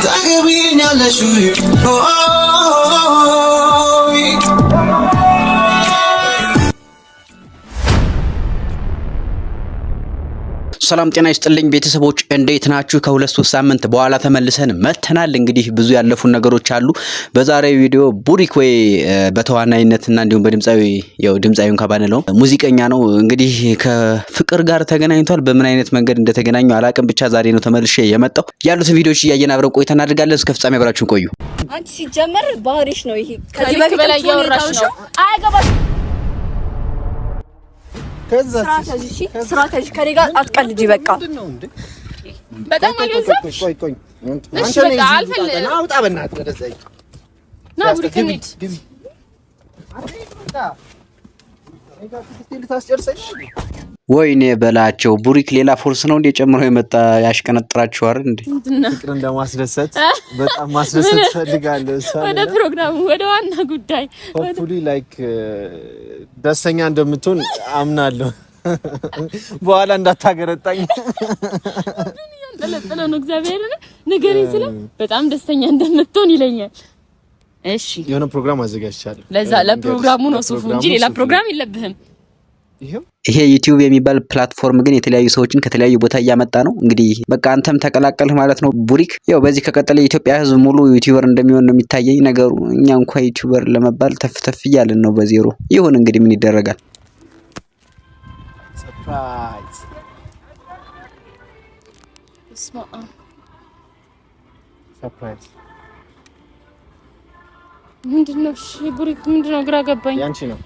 Tant que brille dans la chute. Oh, oh. ሰላም ጤና ይስጥልኝ ቤተሰቦች እንዴት ናችሁ? ከሁለት ሶስት ሳምንት በኋላ ተመልሰን መተናል። እንግዲህ ብዙ ያለፉን ነገሮች አሉ። በዛሬ ቪዲዮ ቡሪክዌ በተዋናይነትና እንዲሁም በድምፃዊ ያው ድምፃዊን እንኳ ሙዚቀኛ ነው። እንግዲህ ከፍቅር ጋር ተገናኝቷል። በምን አይነት መንገድ እንደተገናኙ አላቅም። ብቻ ዛሬ ነው ተመልሼ የመጣው። ያሉትን ቪዲዮዎች እያየን አብረን ቆይታ እናደርጋለን። እስከ ፍጻሜ አብራችሁን ቆዩ። አንቺ ሲጀመር ባህሪሽ ነው ይሄ ከዚህ በፊት ስራ ተዥ ከኔ ጋር አትቀልጅ። በቃ በጣም አልበዛም ወይኔ በላቸው ቡሪክ ሌላ ፎርስ ነው እንዴ ጨምሮ የመጣ ያሽቀነጥራችኋል እንዴ? ፍቅር እንደማስደሰት በጣም ማስደሰት ፈልጋለሁ። ወደ ፕሮግራሙ ወደ ዋና ጉዳይ ሆፕፉሊ ላይክ ደስተኛ እንደምትሆን አምናለሁ። በኋላ እንዳታገረጣኝ ለለጥሎ ነው እግዚአብሔር ነገሬ ስለ በጣም ደስተኛ እንደምትሆን ይለኛል። እሺ የሆነ ፕሮግራም አዘጋጅቻለሁ። ለዛ ለፕሮግራሙ ነው ሱፉ እንጂ ሌላ ፕሮግራም የለብህም። ይሄው ይሄ ዩቲዩብ የሚባል ፕላትፎርም ግን የተለያዩ ሰዎችን ከተለያዩ ቦታ እያመጣ ነው። እንግዲህ በቃ አንተም ተቀላቀልህ ማለት ነው ቡሪክ። ያው በዚህ ከቀጠለ የኢትዮጵያ ህዝብ ሙሉ ዩቲዩበር እንደሚሆን ነው የሚታየኝ ነገሩ። እኛ እንኳ ዩቲዩበር ለመባል ተፍተፍ እያልን ነው በዜሮ። ይሁን እንግዲህ ምን ይደረጋል። ምንድነው? ቡሪክ ምንድነው? ግራ ገባኝ። ያንቺ ነው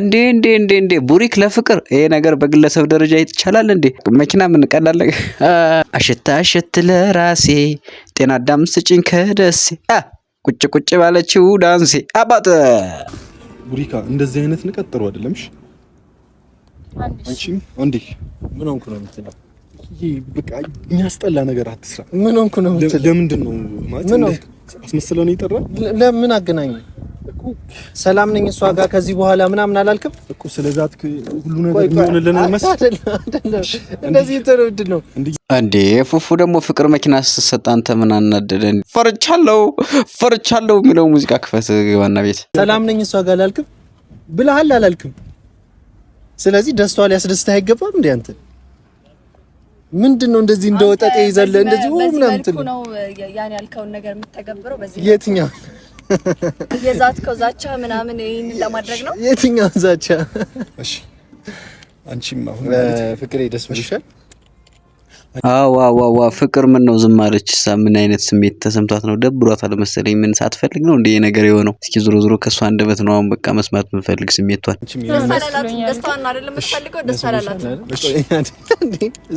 እንዴ እንዴ እንዴ እንዴ ቡሪክ ለፍቅር ይሄ ነገር በግለሰብ ደረጃ ይቻላል እንዴ? መኪና ምን ቀላል አሽታ አሸት ለራሴ ጤና አዳም ስጭኝ ከደሴ ቁጭ ቁጭ ባለችው ዳንሴ አባተ ቡሪካ እንደዚህ አይነት ንቀት ጥሩ አይደለም። እሺ አንቺ እንዴ ምን ሆንኩ ነው የምትለው? ይሄ በቃ የሚያስጠላ ነገር አትስራ። ምን ሆንኩ ነው የምትለው? ለምንድን ነው ማለት ነው የጠራ ለምን አገናኘ ሰላም ነኝ እሷ ጋር ከዚህ በኋላ ምናምን አላልክም እኮ ስለዛት ሁሉ ነገር የሚሆንልን መሰለህ። እንደዚህ ምንድን ነው እንዴ? ፉፉ ደግሞ ፍቅር መኪና ስትሰጥ አንተ ምን አናደደ? ፈርቻለሁ ፈርቻለሁ የሚለው ሙዚቃ ክፈት ገባና ቤት። ሰላም ነኝ እሷ ጋር አላልክም ብለሃል አላልክም። ስለዚህ ደስቷ ሊያስደስትህ አይገባም እንዴ አንተ ምንድን ነው እንደዚህ እንደወጠጤ ይዘለ እንደዚህ ምናምን ትል ነው ያን ያልከውን ነገር የምትተገብረው በዚህ የትኛው የዛትከው ዛቻ ምናምን ይሄን ለማድረግ ነው። የትኛው ዛቻ? እሺ አንቺም አሁን ፍቅሬ ደስ ብሎሻል? አዎ ፍቅር ምን ነው ዝም አለች? ምን አይነት ስሜት ተሰምቷት ነው? ደብሯታል አለመሰለኝ ምን ሳትፈልግ ነው እንደ ነገር የሆነው? እስኪ ዞሮ ዞሮ ከእሷ አንደበት ነው አሁን በቃ መስማት የምንፈልግ ስሜቷን።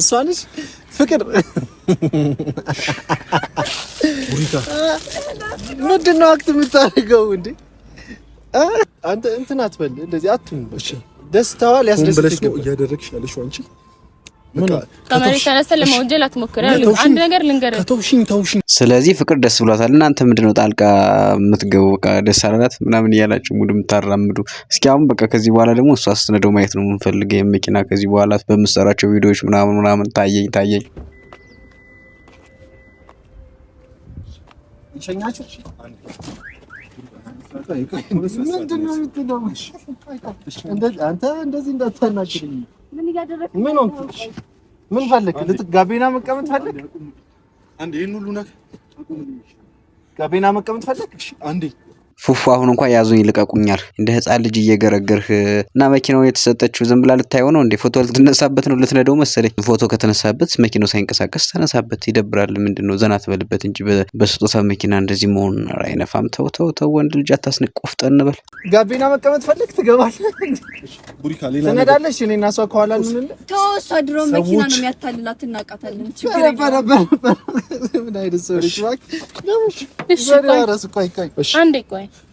እሷ ነች ፍቅር ጌታ ምንድን ነው አክት የምታደርገው እንዴ? አንተ እንትን አትበል እንደዚህ አትም። እሺ ደስታዋ ሊያስደስትሽ ነው እያደረግሽ ያለሽው አንቺ። ስለዚህ ፍቅር ደስ ብሏታል። እናንተ ምንድነው ጣልቃ የምትገቡ? በቃ ደስ አላላት ምናምን እያላችሁ ሙድ የምታራምዱ። እስኪ አሁን በቃ ከዚህ በኋላ ደግሞ እሷ ስትነደው ማየት ነው የምንፈልገው። የመኪና ከዚህ በኋላ በምትሰራቸው ቪዲዮዎች ምናምን ምናምን ታየኝ ታየኝ ይሸኛችሁ። ምንድን ነው የምትለው? አንተ እንደዚህ እንዳታናግረኝ። ምን ፈለግ? ጋቢና መቀመጥ ፈለክ? ይህን ሁሉ ነገር ጋቢና መቀመጥ ፈለክ? አንዴ ፉፉ አሁን እንኳ ያዙኝ ይልቀቁኛል፣ እንደ ህፃን ልጅ እየገረገርህ እና መኪናው የተሰጠችው ዝም ብላ ልታየው ነው እንዴ? ፎቶ ልትነሳበት ነው ልትነደው መሰለኝ። ፎቶ ከተነሳበት መኪናው ሳይንቀሳቀስ ተነሳበት። ይደብራል። ምንድን ነው ዘና ትበልበት እንጂ በስጦታ መኪና እንደዚህ መሆን አይነፋም። ተው ተው ተው፣ ወንድ ልጅ አታስንቅ። ቆፍጠን እንበል። ጋቢና መቀመጥ ፈለግ ትገባለህ፣ ትነዳለሽ። እኔ እና እሷ ከኋላ እንልል። ተው እሷ ድሮ መኪና ነው የሚያታልላት፣ እናውቃታለን። ምን አይነት ሰው ነች እባክህ! እሺ ቆይ አንዴ ቆይ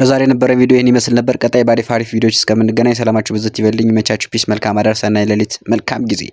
ለዛሬ የነበረ ቪዲዮ ይህን ይመስል ነበር። ቀጣይ በአሪፍ አሪፍ ቪዲዮዎች እስከምንገናኝ ሰላማችሁ ብዝት ይበልኝ። መቻችሁ ፒስ። መልካም አዳር፣ ሰናይ ሌሊት፣ መልካም ጊዜ